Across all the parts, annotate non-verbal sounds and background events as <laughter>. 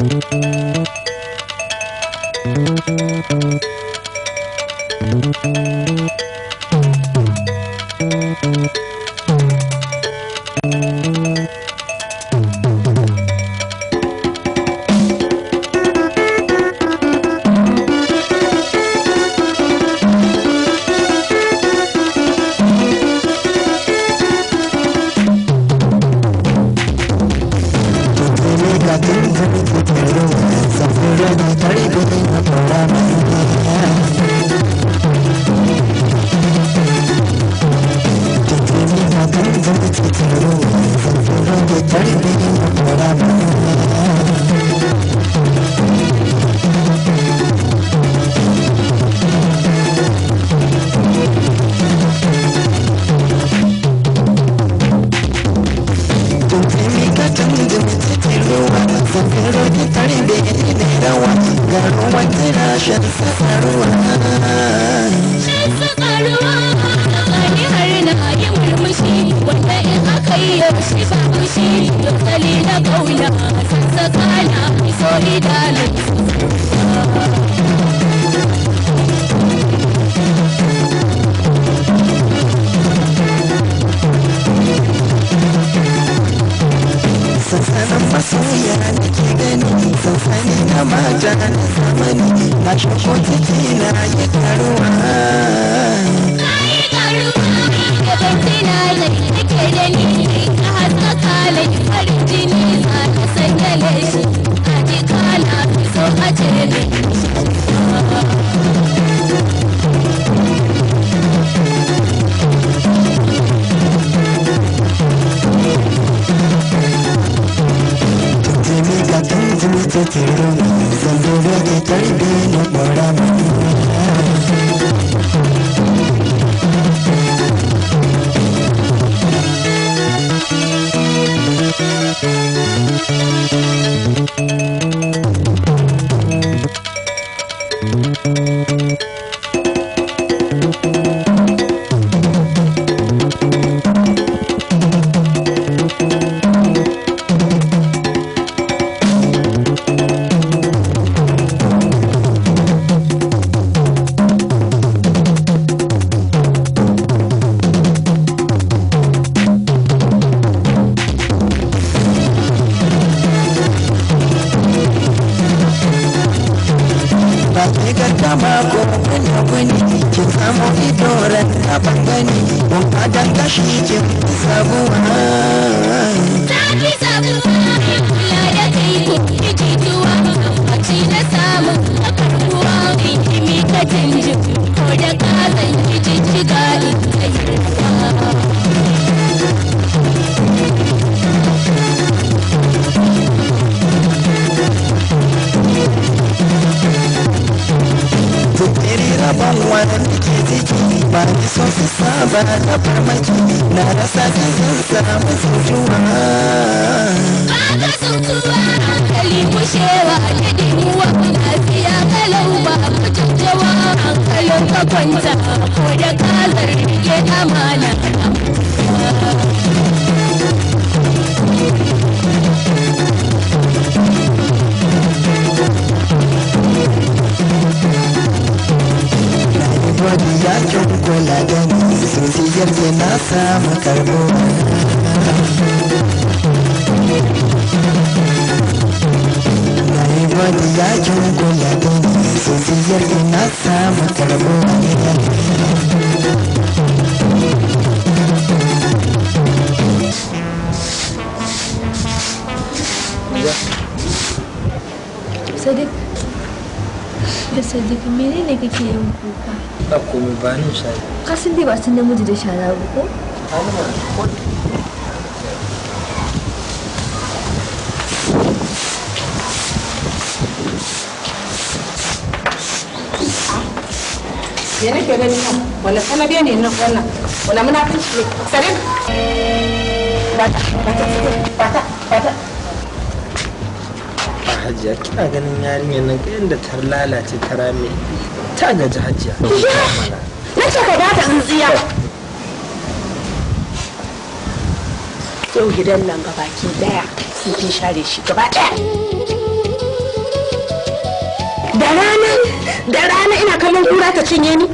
Música idan ka kwanta ko da ka zarge amana ya kula da ni sosai yarda na samu karbuwa wani yakin kula da sosiyar da na samu da Sadiq yin kuka? namiji da shara ba me nake gani nan wani sanabe ne nan wannan wani munafinci ne sarin bata hajiya kina ganin yarinyar nan yadda ta lalace ta rame ta gaji hajiya na ce ka bata tsintsiya yau gidan nan gabaki daya sun fi share shi gaba daya da rana da rana ina kallon kura ta cinye ni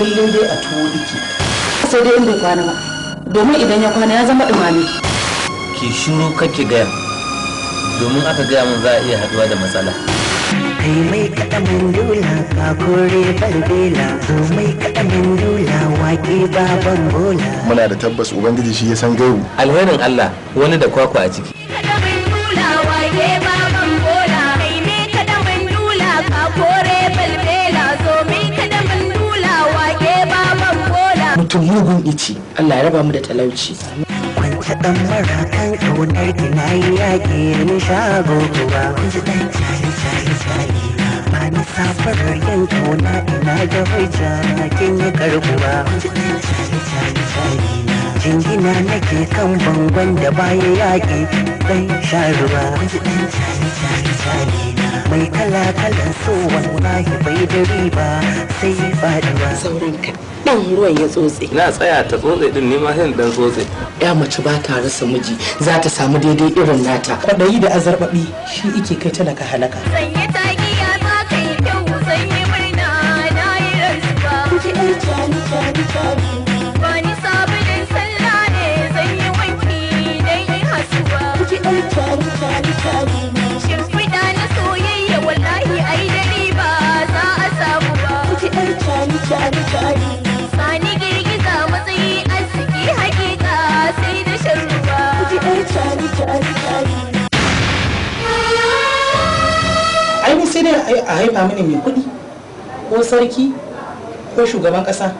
kullum dai a tuwo ike sai dai in bai kwana ba domin idan ya kwana ya zama dumame ki shiru kake gaya domin aka gaya min za a iya haduwa da matsala kai mai kaɗa dula ka kore bandela zo mai kaɗa dula waƙe baban bola muna da tabbas ubangiji shi ya san gairu alherin allah wani da kwakwa a ciki mutum mugun ici Allah ya raba mu da talauci kunci mara kan kaunar ki na yi yaƙi ni shago kuwa kunci dan cari cari cari ba ni safar yin kauna ina da hujja kin yi karbuwa kunci dan cari cari cari jingina nake kan bangon da baya yaƙi dan sharuwa kunci dan cari cari mai kala-kalan so wallahi bai dare ba sai ya faɗuwa sauran ka ɗan ruwan ya tsotse na tsaya ta tsotse din ne ma sai dan tsotse ya mace ba ta rasa miji za ta samu daidai irin nata Kwaɗayi da azarbabi shi ike kai talaka halaka a haifa mini mai kuɗi ko sarki ko shugaban ƙasa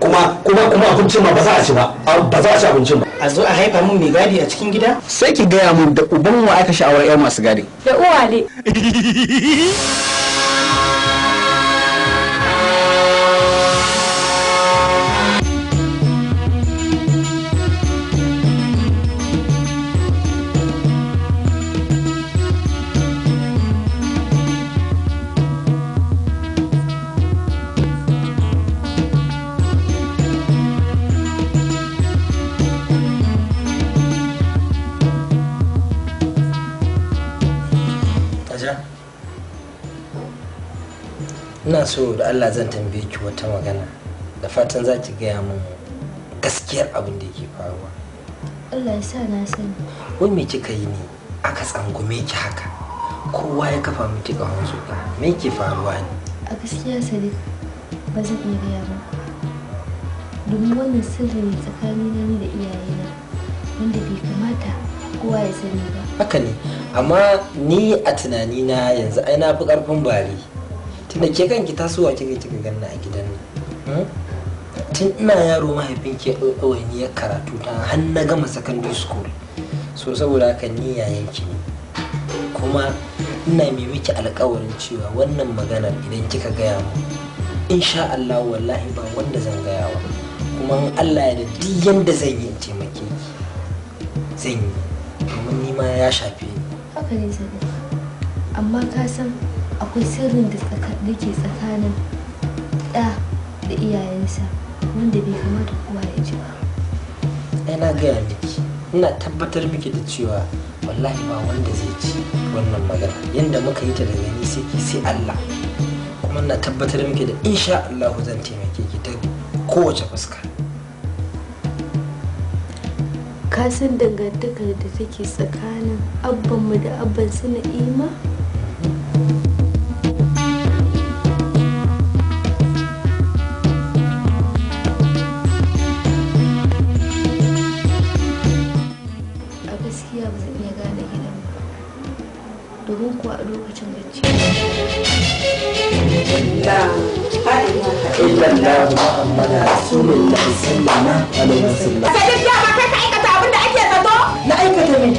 kuma kuma kuma abincin ba za a ci ba ba za a ci abincin ba a zo a haifa mun mai gadi a cikin gida sai ki gaya mun da uban aka sha'awar yar masu gadi da uwale <laughs> so da Allah zan tambaye ki wata magana da fatan za ki gaya min gaskiyar abin da yake faruwa Allah ya sa na sani wai me kika yi ne aka tsangume ki haka kowa ya kafa miki kahon zuka me yake faruwa ne a gaskiya sadiq ba zan iya gaya ba domin wannan sirri ne tsakanina ni da iyayena wanda bai kamata kowa ya sani ba haka ne amma ni a tunanina yanzu ai na fi karfin bari tunda ke kanki tasowa kika kika ganna a gidan nan tun ina yaro mahaifin ke ɗauɗawaini ya karatu ta har na gama secondary school so saboda haka ni yayanki ne kuma ina mai miki alkawarin cewa wannan maganar idan kika gaya mu insha Allah wallahi ba wanda zan gaya wa kuma Allah ya da duk yanda zan yi taimake ki zan yi domin ni ma ya shafe ni haka ne amma ka san akwai sirrin da ke tsakanin ɗa da iyayensa wanda bai kamata kowa ya ji ba ina eh, gaya miki ina tabbatar miki da cewa wallahi ba wanda zai ci wannan magana yadda muka yi ta da gani sai ki sai Allah kuma ina tabbatar miki da insha Allah zan taimake ki ta kowace fuska ka san dangantakar da take tsakanin abban mu da abban suna ima Allah Rasulullah sallallahu alaihi wasallam sai da ba kai ka aikata abin da ake zato na aikata me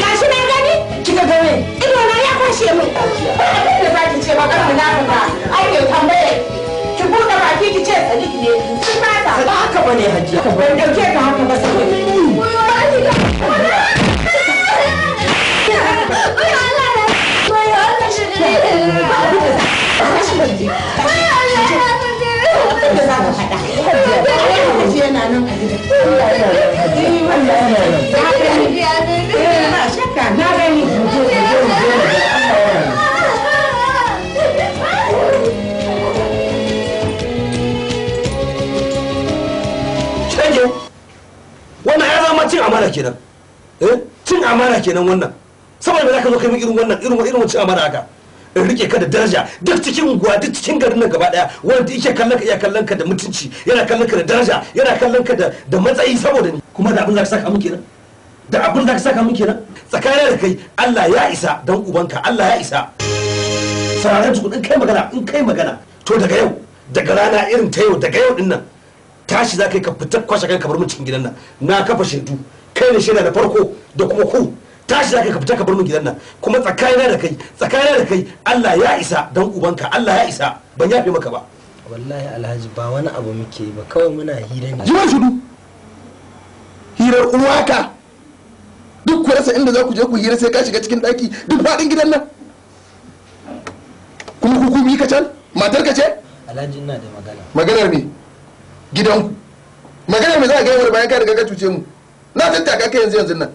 gashi na gani kika ga me ido na ya kwashe mu ba abin da zaki ce ba kan munafika ai ne tambaye ki buɗe baki ki ce sadik ne sun mata ba haka bane hajiya ban dauke ka haka ba sai Ay, Allah, abin da za ka Na Na na cin amana kenan. wannan. Saboda me za ka zo kai irin wannan irin irin amana haka? in rike ka da daraja duk cikin unguwa duk cikin garin nan gaba daya wanda yake kallon ka iya kallon ka da mutunci yana kallon ka da daraja yana kallon ka da matsayi saboda ni kuma da abin da ka saka mun kenan da abin da saka mun kenan da kai Allah ya isa dan ubanka Allah ya isa sararin tukun in kai magana in kai magana to daga yau daga rana irin ta yau daga yau din nan tashi za ka yi ka fitar kwashe kanka bar mun cikin gidan nan na kafa shaidu kai ne shaida da farko da kuma ku tashi za ka fita ka bar mu gidan nan kuma tsakanina da kai tsakanina da kai Allah ya isa dan ubanka Allah ya isa ban yafe maka ba wallahi alhaji ba wani abu muke ba kawai muna hira ne jiwar shudu hirar uwaka duk ku rasa inda za ku je ku hira sai ka shiga cikin daki duk faɗin gidan nan kuma hukumi ka can matar ka ce alhaji ina da magana maganar me ku, maganar me za ka gaya wani bayan ka riga ka cuce mu na tattaka ka yanzu yanzu nan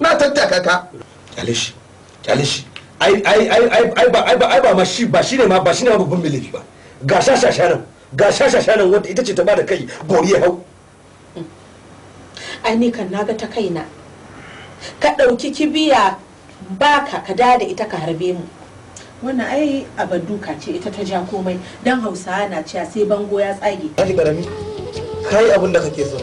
na tattaka ka kyale shi kyale shi ai ai ai ai ba ai ba ai ba ma shi ba shine ma ba shine ma babban milifi ba ga shashasha nan ga shashasha nan wanda ita ce ta bada kai bori ya hau ai ni kan naga ta kaina ka dauki kibiya baka ka da da ita ka harbe mu wannan ai a duka ce ita ta ja komai dan hausawa na cewa sai bango ya tsage kai abin da kake so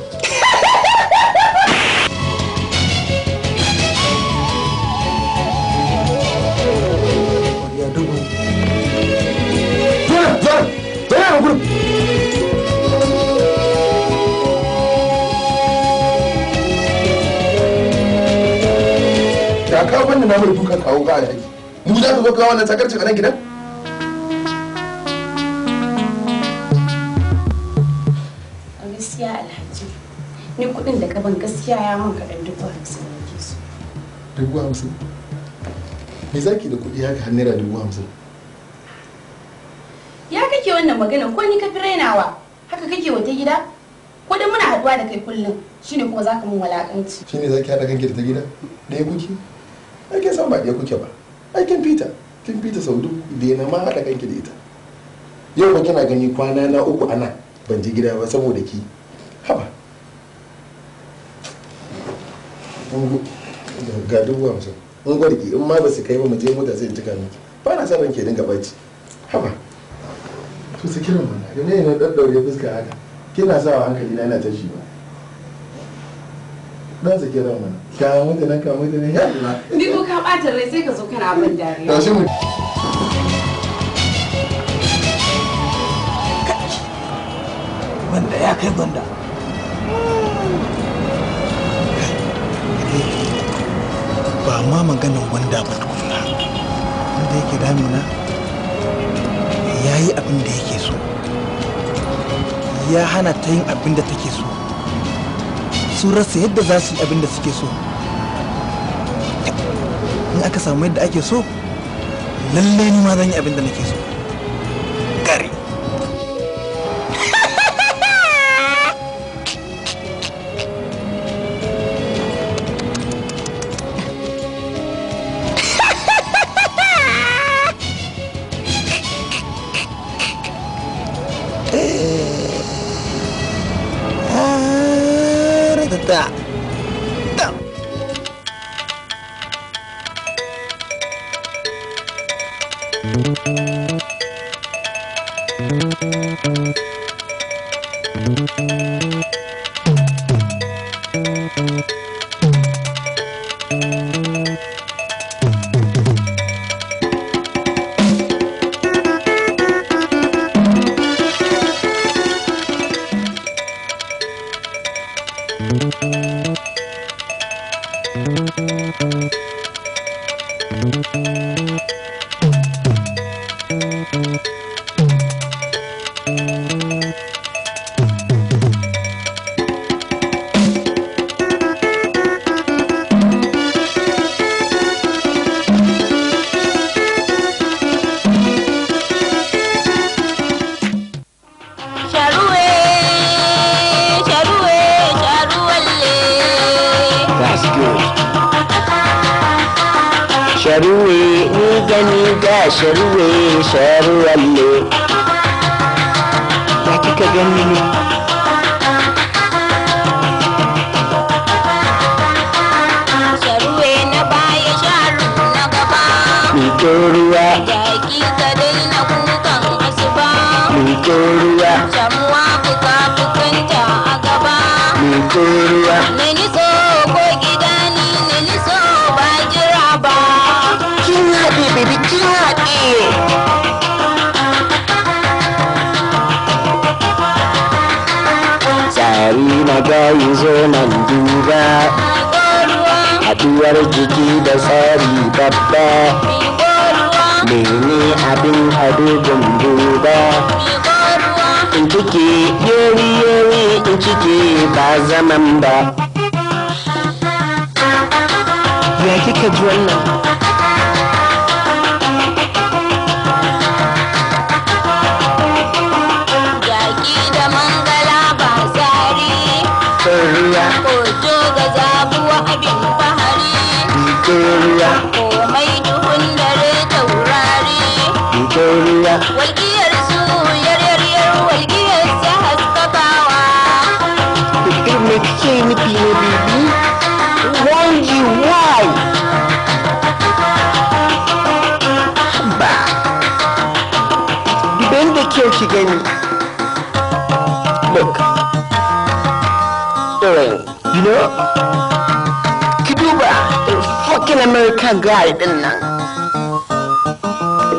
ma mai dukan kawo ka alhaji mu za ka zo kawo wannan sakarci a nan gidan a gaskiya alhaji ni kuɗin da gaban gaskiya ya man kaɗan duk dubu hamsin ke so dubu hamsin me ki da kuɗi haka har naira wa hamsin ya kake wannan magana ko ni ka fi rainawa haka kake wata gida ko dai muna haɗuwa da kai kullum shine kuma ka mun walakanci shine za ki haɗa kanki da ta gida ɗaya kuke aikin san ba ɗaya kuke ba aikin fita kin fita sau duk daina ma haɗa kanki da ita yau ba kina gani kwana na uku ana ban ji gida ba saboda ki haba ga dubu hamsin in gwarki in ma ba su kai ba mu je mota sai in cika miki ba na sa ranke dinga baci haba to su kiran mana da ne na daddaure fuska haka kina sawa hankali na yana tashi ba n'a su kira mana ka mutu nan ka mutu nan ya yalla ni ko ka bata rai sai ka zo kana abin dariya tashi mu banda ya kai banda ba ma maganin wanda ba tukuna wanda yake damina ya yi abin da yake so ya hana ta yin abin da take so su rasa yadda za su yi abin da suke so in aka samu yadda ake so lallai ni ma zan yi abin da nake so yi zo nan duba a haɗuwar jiki da tsari babba mene abin adogon duba in kike yori yori in kike ba zaman ba ya kika ji wannan Najeriya. Walƙiyar su yaryaryar walƙiyar ta haskabawa. kike nufi ne bibi? Wanji why? Ba. da kyau ki gani. Look. You know? Ki duba fucking American guy din nan.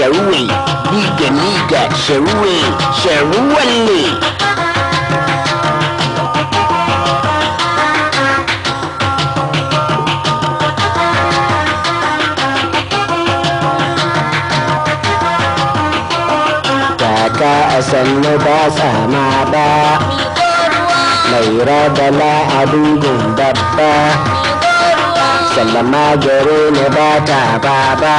sharuwe niga niga sharuwe ne, Kaka a sannu ba sama ba mai rabala a dugun babba sallama gare ne ba ta baba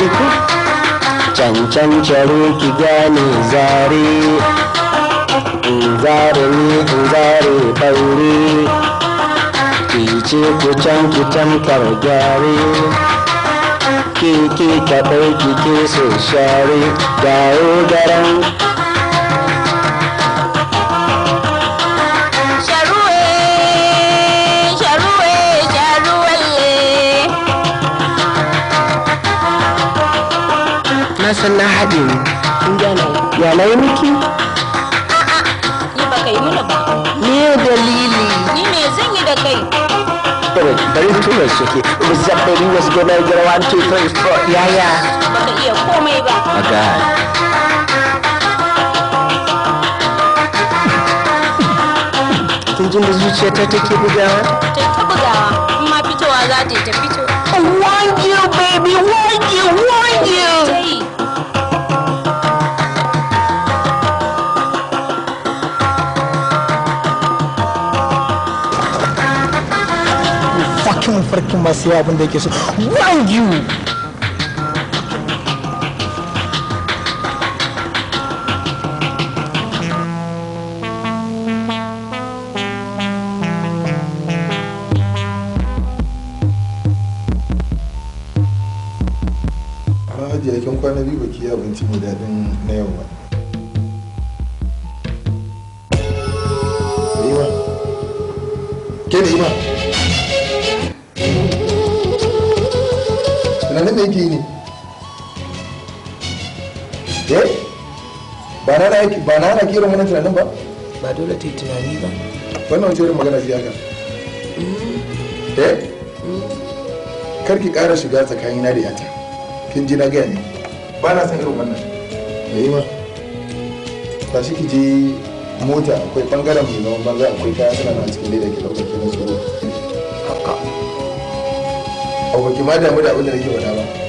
देखो चन चन चढ़ेगी ज्ञानी जारी जारनी जारी बंगी पीछे कुचम कुचम कर जारी की की कपड़े की से शारी गाओ गरम na san na haɗe ni ya na yi miki a'a ni ba kai mini ba me dalili ni me zan yi da kai bari tura su ke zabbari was gonna get one two three four yaya baka iya komai ba oh god kin jin da ta take bugawa ta ta bugawa amma fitowa za ta fito I warned you baby warned you warned you mafarkin masu yawa abin da yake so wow you na yake ba na na kira wannan tunanin ba ba dole ta yi tunani ba wannan wace irin magana ce haka mm. eh mm. karki ki ƙara shiga tsakanina da yata kin ji na gaya ne ba na san irin wannan da yi ma shi ki je mota akwai bangaren mai zaman banza akwai kaya suna na cikin leda ke ɗaukar kenan su a'a abu ki ma damu da abin da nake wada ba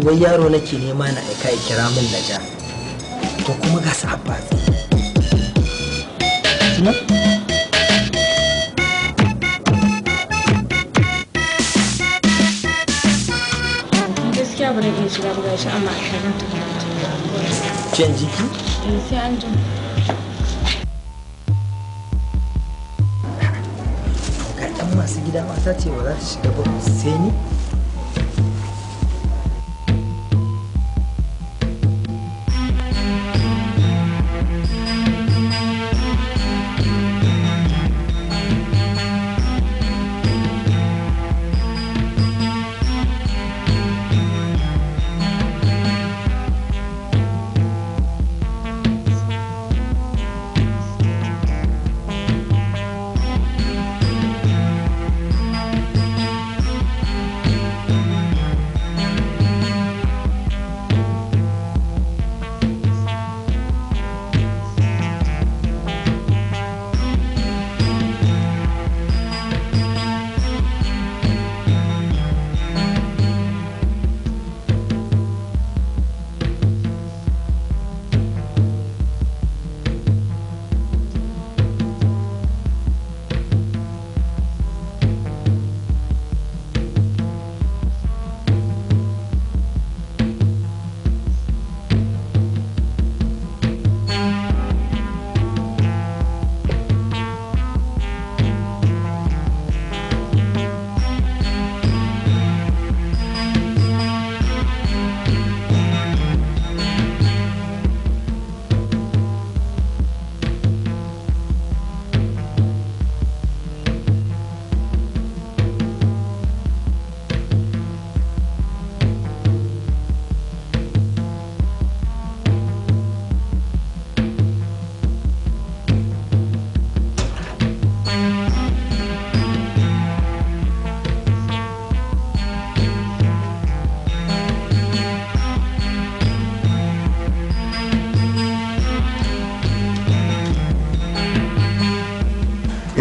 wallahi wai yaro nake nema na aika ya kira min na ja to kuma ga su abbatsi gaskiya ba iya shiga shi amma a shirin jiki? Eh, masu gida mata ce ba za ta shiga ba sai ni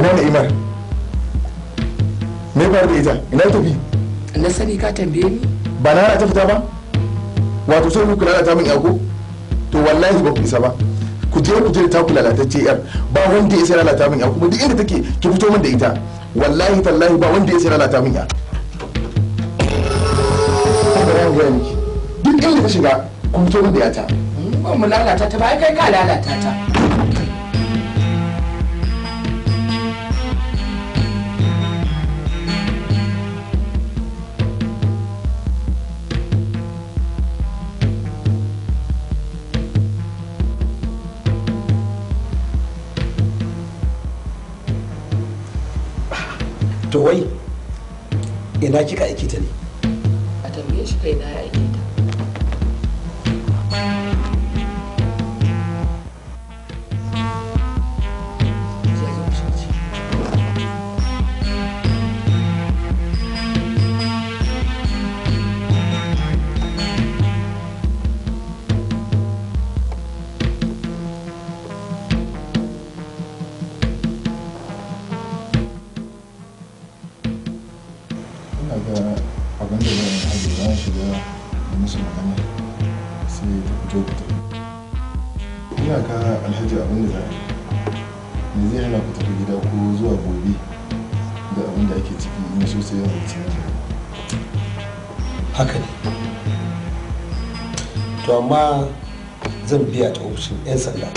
ina na imar me faru da ita ina tafi na sani ka tambaye ni ba na ta fita ba wato sai ku ta min yako to wallahi ba ku isa ba ku je ku je ta ta ce yar ba wanda ya sai lalata min ya kuma duk inda take ki fito min da ita wallahi tallahi ba wanda ya sai lalata min ya duk inda ka shiga ku fito min da yata ba mu lalata ta ba kai ka lalata ta ina kika aiki ta ne ofishin 'yan sanda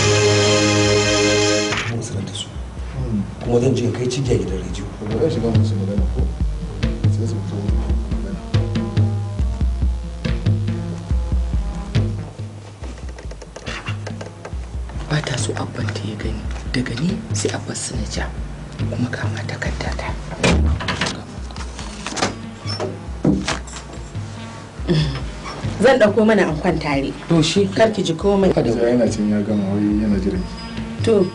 mun sanar da su kuma zan je kai cigiya gidan rijiyo rediyo ba shiga musu magana ko sai su fito ba ta so abban ta ya gani daga ni sai abbas suna ja kuma kama takarda ta zan ɗauko mana ankon tare to shi kar ki ji komai Ka da kada yana cin ya gama wai yana jira. to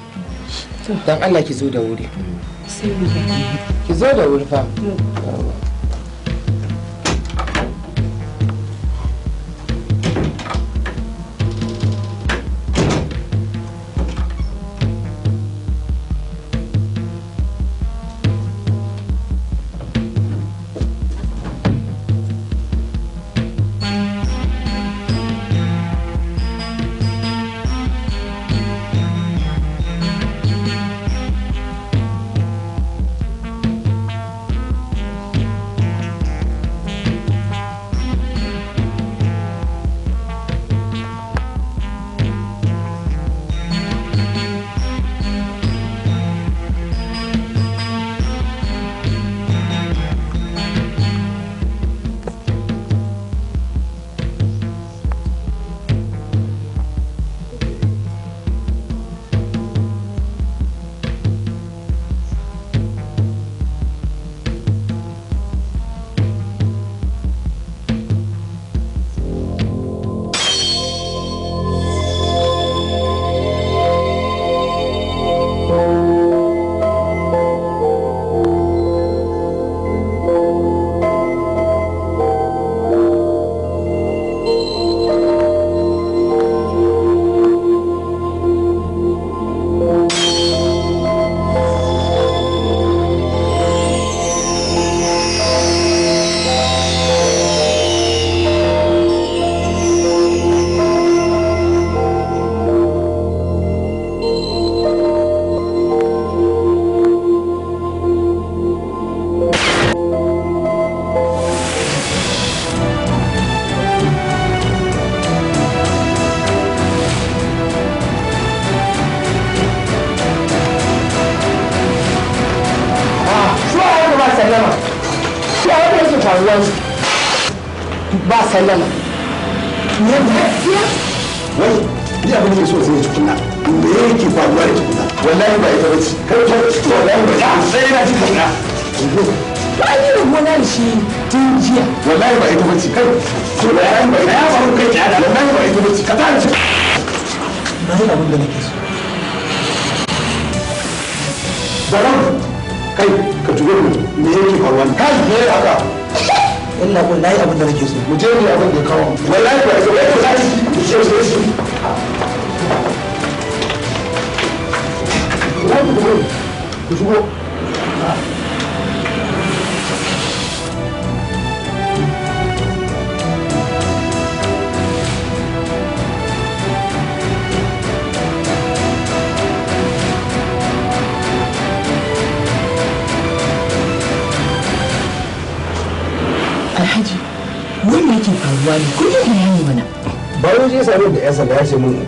dan Allah ki zo da wuri sai mu ga. ki zo da wuri fa mm.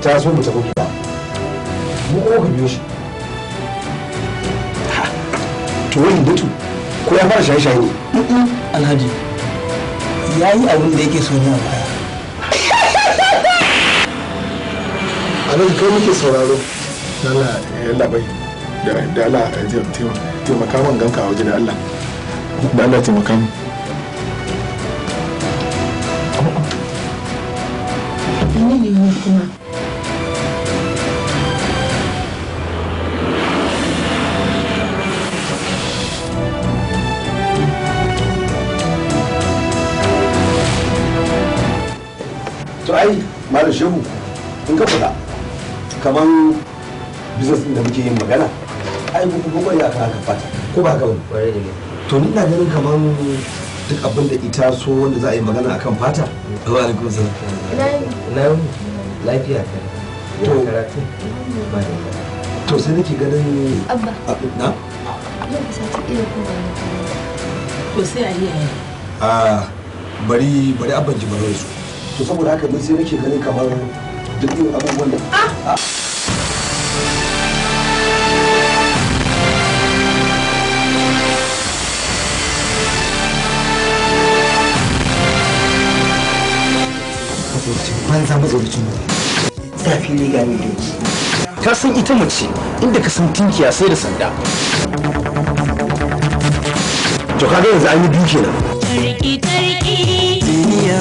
taso mu tafi gida mu kuma ku biyo shi to wani dutu ko ya fara shaye-shaye ne alhaji ya yi abin da yake so ne a baya a nan kai muke sauraro lala ya eh, labai da ala eh, taimaka man ganka a waje da allah da allah taimaka mu ne ne malam shehu in ka fita kamar business da muke yin magana ai ku kuma ya ka haka fata ko ba haka ba to ni ina ganin kamar duk abin da ita so wanda za a yi magana akan fata wa alaikum salam ina lafiya to to sai nake ganin abba ah, na ko sai a yi a ah, bari bari abban ji baro su to saboda haka mun sai nake ganin kamar duk irin abubuwan da ah! Ah! banza mazauricin mu zafi ne ga ni ka san ita mace inda ka san tinkiya sai da sanda to kaga yanzu an yi biyu kenan tarki tarki duniya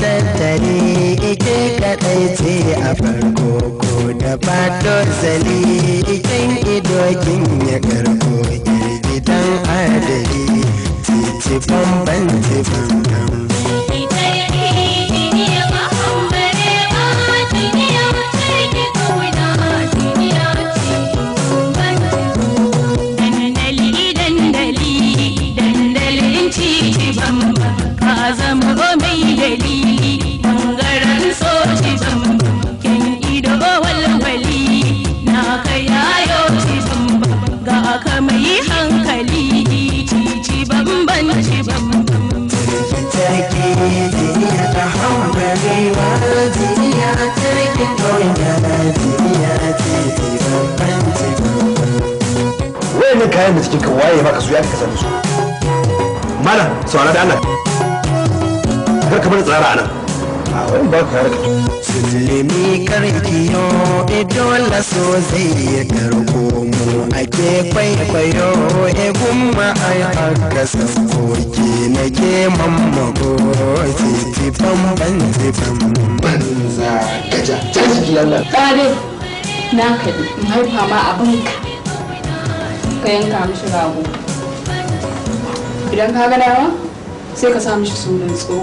tattare ike kadai ce a farko ko da fado zali ikin idokin ya karko gidan adadi titi bamban tibin yi hankali cici bambanci bambanci. Sarki jiniya ta haura gaiwa jiniya ce kayan da cikin kan waye maka su ya kasa da su. Mana saurara da ana. Kar ka bar tsara a A wani ba ka yarda. musulmi karkiyo idola so zai karko mu ake kwaikwayo egun eh, ma'ai haka sauke na ke mammako titifan ban tifan banza gaja ta jiki lalla kare na kaɗi in haifa ma abin ka yanka mishi rago idan ka ga sai ka sa mishi sunan tsoho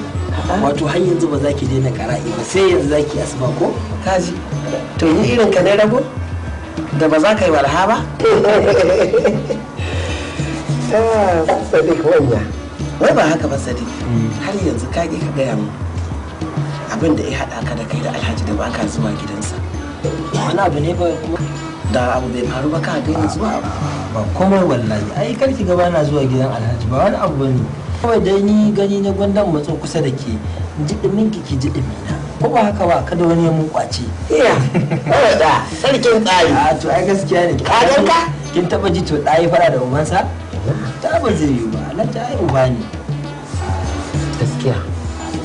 wato har yanzu ba za ki daina kara'i ba sai yanzu za ki asuba ko kaji to yi irin ka ne rabo da ba za ka yi walha ba <laughs> ah, sadiq wanya wai ba haka ba sadiq hmm. har yanzu ka ka gaya mu abin da ya haɗa ka da kai da alhaji da baka zuwa gidansa wani abu ne ba kuma da abu bai faru ba ka gani zuwa ba komai wallahi ai karki gaba na zuwa gidan alhaji ba wani abu bane kawai dai ni gani na gwandan matso kusa da ke jiɗimin ki ki jiɗimi na ko ba haka ba kada wani ya mukwace iya da sarkin tsari a to ai gaskiya ne ka kin taba ji to dai fara da sa ta ba zai yi ba na ta yi uba ne gaskiya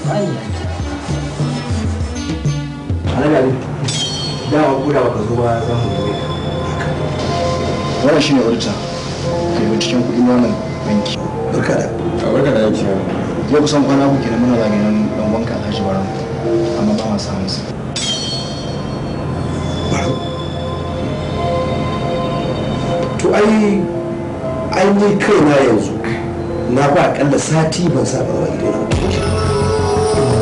ba ni da dawa kura baka zo ba za mu yi wannan shine orita ke cikin kuɗin wannan banki barka da barka da yake yau kusan kwana uku kenan muna zagaye nan dan wanka alhaji baro amma ba ma samu su baro to ai ai ni kaina yanzu na ba akalla sati ban saba ba ido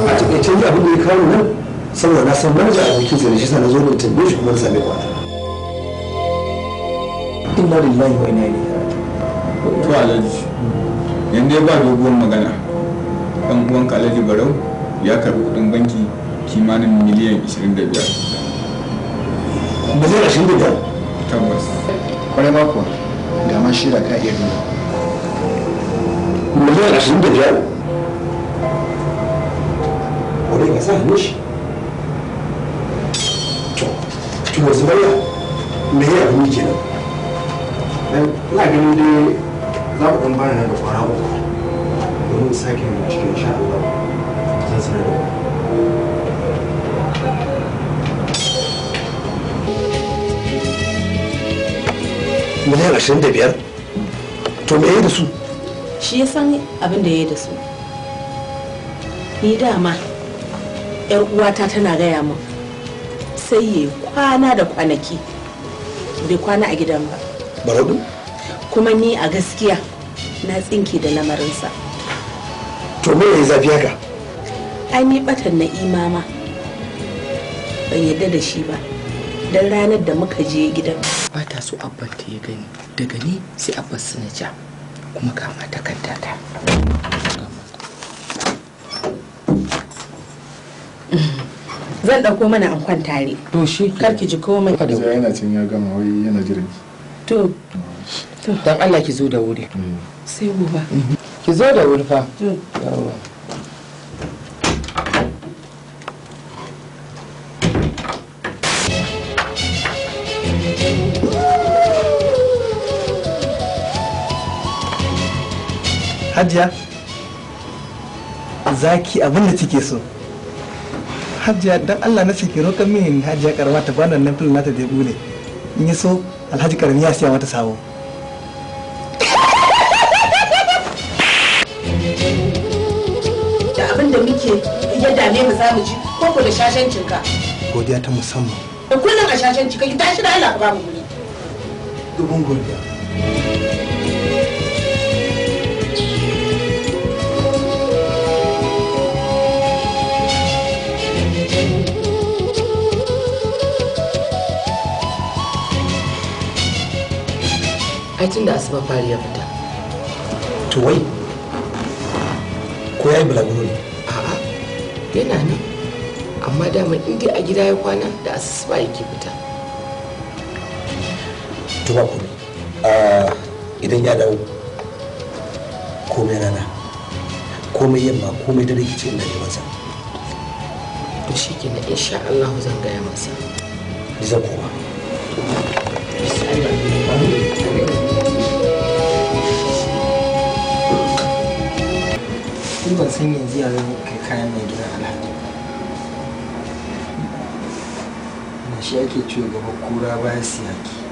na a cikin ni abin da ya kawo nan saboda na san manaja abokin sa ne shi sa na zo da tambaye shi kuma na same kwana inna lillahi wa inna ilaihi raji'un to alaji yan ya ba doguwar magana ɗan uwan kalaji barau ya karbi kuɗin banki kimanin miliyan 25 miliyan 25 tabbas kwarai kuwa ma da ka iya miliyan 25 wani sa hannun shi to to na ganin dai za ku ɗan bayyana da ƙwara uku domin sake yin cikin insha Allah zan sanar da ku miliyan ashirin da biyar to me ya da su shi ya san abin da ya da su ni dama yar uwata tana gaya min sai ya kwana da kwanaki bai kwana a gidan ba baradu kuma ni a gaskiya na tsinke da lamarinsa to me ya zafi haka ai ni batan na imama ban yadda da shi ba dan ranar da muka je gidan ba ta so abba ta ya gani daga ni sai su na ja kuma kama ta kanta ta zan ɗauko mana an kwanta ne to shi karki ji komai Kada yana cin ya gama wai yana jiran to don Allah ki zo da wuri mm. sai gobe mm-hmm. ki zo da wuri fa Hajiya zaki abin da kike so hajiya dan Allah na sake roƙa min hajiya karama ta bani nan filin nata da ya bule in yi so alhaji karami ya siya mata sabo yadda dame mu za mu ji ko ku da shashancin cinka. godiya ta musamman da kullum a shashanci cinka ki tashi da Allah ka ba mu guri dubun godiya ai tun da asuba fari ya fita tuwai wai ko ya yi bulaguro ne yana nan amma dama in dai a gida ya kwana da asusuba yake fita tuba a idan ya dawo komai rana komai yamma komai da rikici inda ne masa to shi na insha Allah zan gaya masa zan koma san yanzu ya zan kai kayan mai gidan alhaji na shi ake cewa gaba kura baya siyaki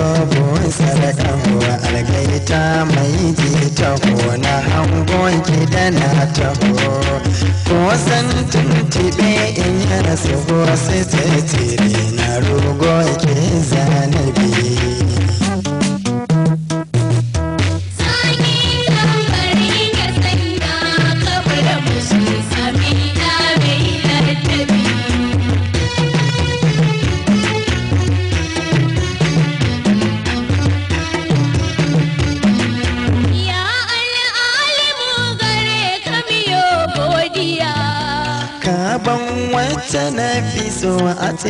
buhun sadakan wa algaita mai jita ko na hangon gida na taho ko san tuntube in yana su ko sai tsere na rugo ke zanabi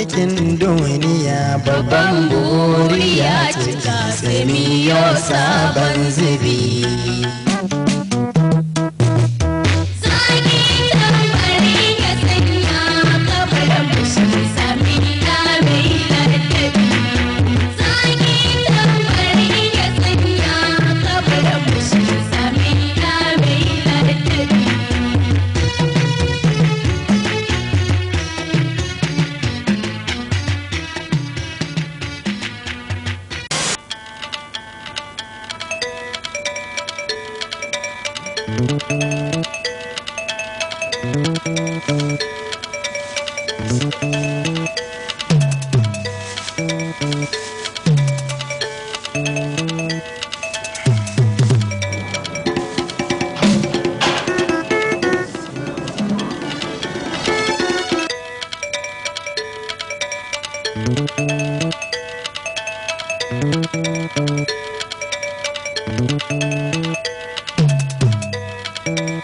aikin duniya babban buriya cika sami yau sabon zubi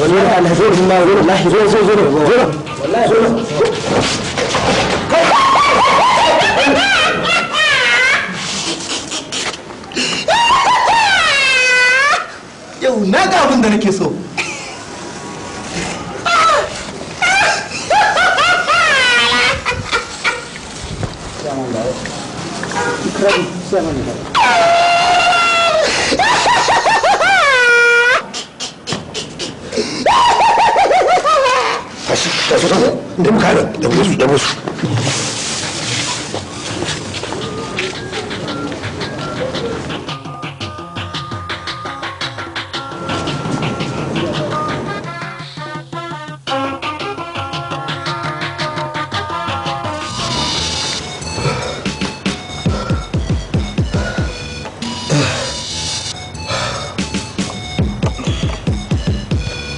والله انا هزور ما اقول لا هزور زور زور زور والله زور yau na ga abin da nake so Thank you. da su kanku da muka hada da kuke su da musu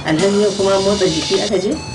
alhaji kuma motsa jiki aka je?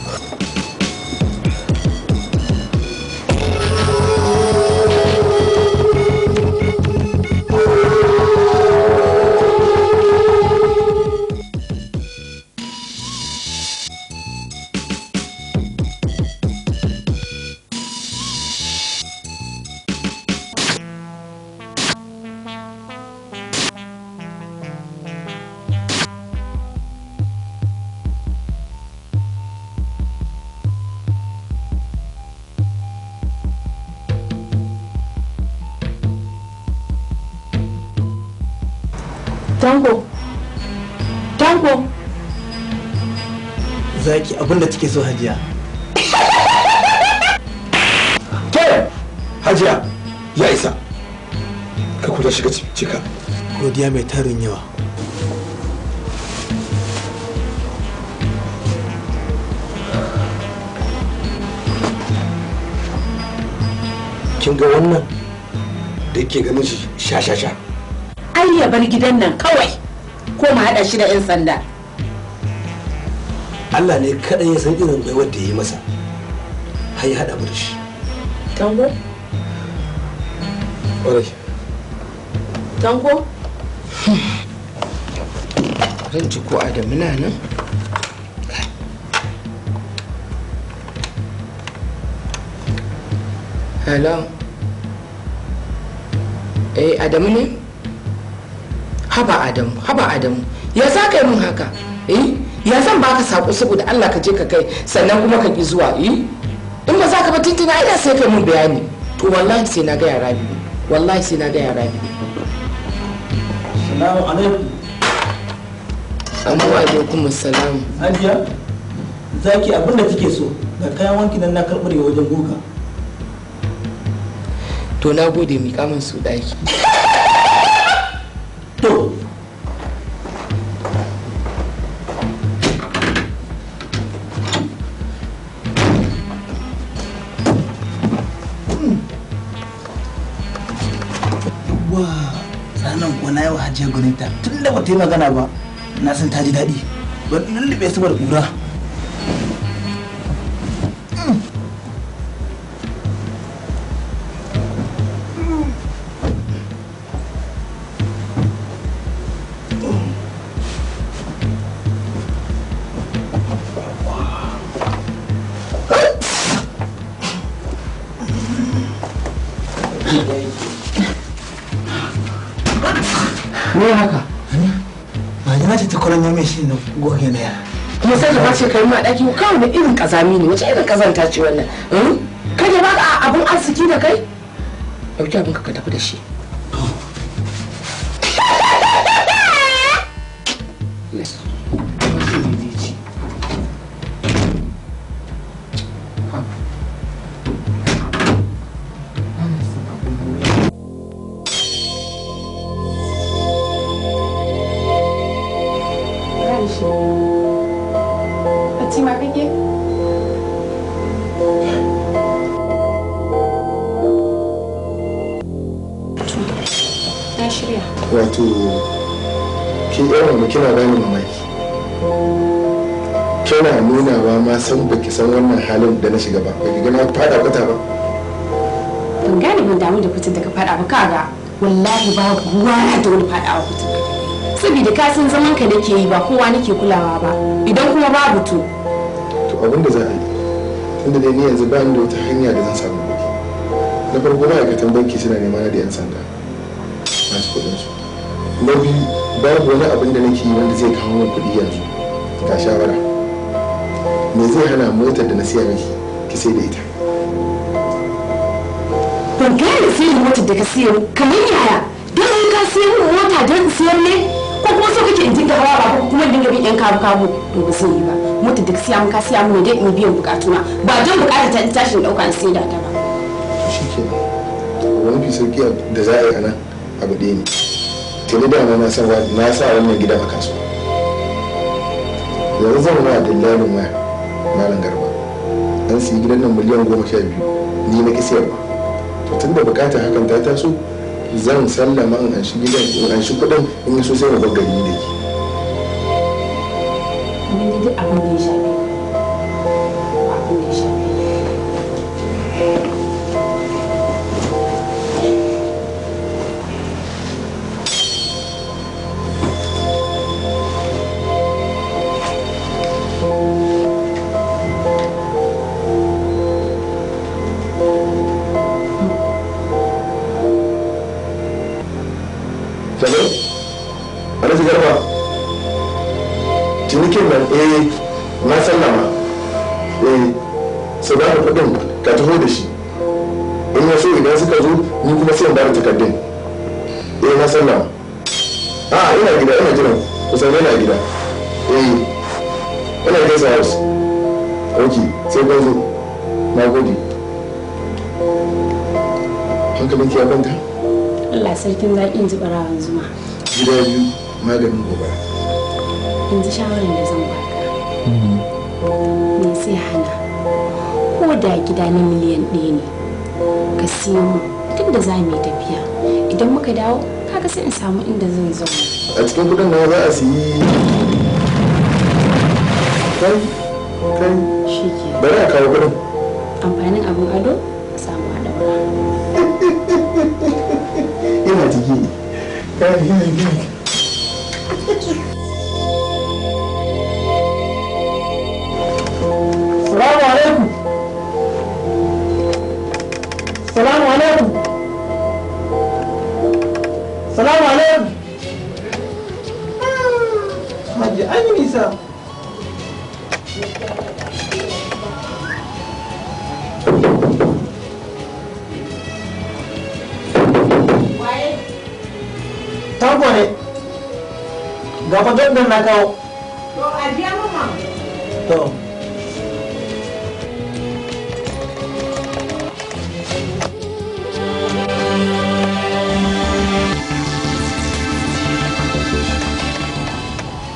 tanko tanko zaki abinda take so hajiya ke hajiya ya isa ka kula shiga cika godiya mai tarin yawa kin ga wannan da yake ganin shi sha sha sha sai ya bar gidan nan kawai ko mu hada shi da 'yan sanda Allah ne kaɗai ya san irin baiwar da ya yi masa har ya haɗa mu shi tango ƙwarai tango zan ci ko adamu na nan hello eh adamu ne haba adamu haba adamu ya za ka yi mun haka eh ya zan baka sako saboda Allah ka je ka kai sannan kuma ka ki zuwa eh in ba za ka ba tintina ai sai kai mun bayani to wallahi sai na ga ya rabi wallahi sai na ga ya rabi salamu alaikum amma alaikum assalam hajiya zaki abin da kike so ga kayan wanki nan na karɓar wajen guga to na gode mi kamun su daki jiya ta tun da ba ta yi magana ba na san ta ji daɗi ban lullube su da ƙura rayuwa ɗaki kawai da irin ƙazami ne wace irin ƙazanta ce wannan hmm? kada ba ka abin arziki da kai ɗauki abin ka tafi da shi na shiga ba bai ga na fada kwata ba ban gane ban damu da fitin da ka fada ba kaga wallahi ba ruwa na da wani fadawa fitin saboda ka san zaman ka nake yi ba kowa nake kulawa ba idan kuma babu to to abin da za a yi tunda dai ni yanzu ba ni da wata hanya da zan samu kuɗi na farko ma'aikatan banki suna nema na da yan sanda masu kuɗin su na biyu babu wani abin da nake yi wanda zai kawo min kuɗi yanzu ga shawara me zai hana motar da na siya miki ki sai da ita ban gane sai mota da ka siyo kamar yaya don in ka siyo mota don siyar ne ko kuma so kake in dinga hawa ba kuma dinga bin yan kabu kabu to ba sai yi ba mota da ka siya mun ka siya mun dai in biyan bukatuna ba don bukata ta tashin dauka in sai da ta ba shikenan wani fi sauki da za a yi a nan a ɗaya ne tuni da na san na sa wannan gidan a kasuwa yanzu zan wa dillalin waya malam garba an siyi gidan nan miliyan goma sha biyu ni na kisiyarwa to tunda bukatar hakan ta taso zan sallama in anshi gidan in anshi kudin in yi sosai na bagari da ke. Ni duk eh na sallama eh sai ba kuɗin ka taho da shi in ya so idan suka zo ni kuma sai in ba da takardun eh na sallama a ina gida ina jiran kusan yana gida eh ina gaisa house ok sai kun zo na gode hankalin ki ya kwanta Allah sarkin zaƙin ji ɓarawan zuma gida biyu maganin gobara yanzu shawarar da zan baka me zai hana ko da gida na miliyan ɗaya ne ka siyo mu tun da za mu tafiya idan muka dawo kaga sai in samu inda zan zauna a cikin kudin na za a siyi kai kai shi ke bari a kawo kudin amfanin abin ado a samu a daura ina ciki kai ga kwantar da na kawo to a biya mama to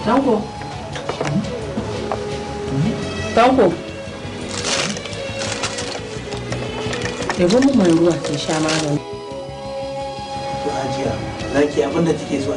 Tanko. Tanko. Yabo mu mai ruwa ke sha magani. To ajiya, zaki abin da kike so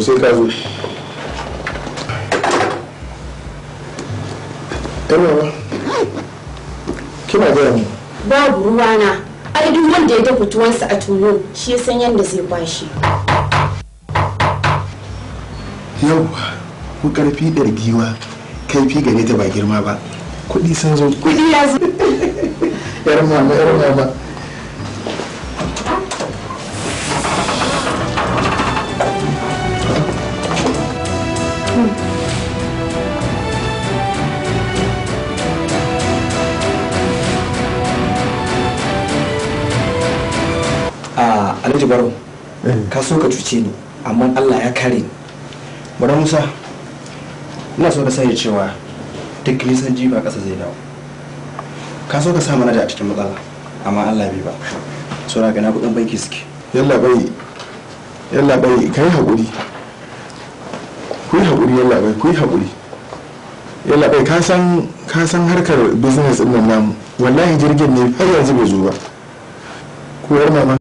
sai ka zo yawa kina gaya mu babu ruwana ai duk wanda ya dafa tuwansa a tuno shi ya san yadda zai kwashe. yau ku karfi kai fi gare ta ba girma ba kuɗi sun zo kuɗi ya zo <laughs> yar mama yar mama ka so ka cuce ni amma allah ya kare ni bari musa ina so da sani cewa duk nisan ji ba ƙasa zai dawo ka so ka sa mana da a cikin matsala amma allah bai ba saura ga na kudin banki suke yalla bai yalla bai kai hakuri ku yi hakuri yalla bai ku yi yalla bai ka san ka san harkar business din nan namu wallahi jirgin ne har yanzu bai zo ba ko yar mama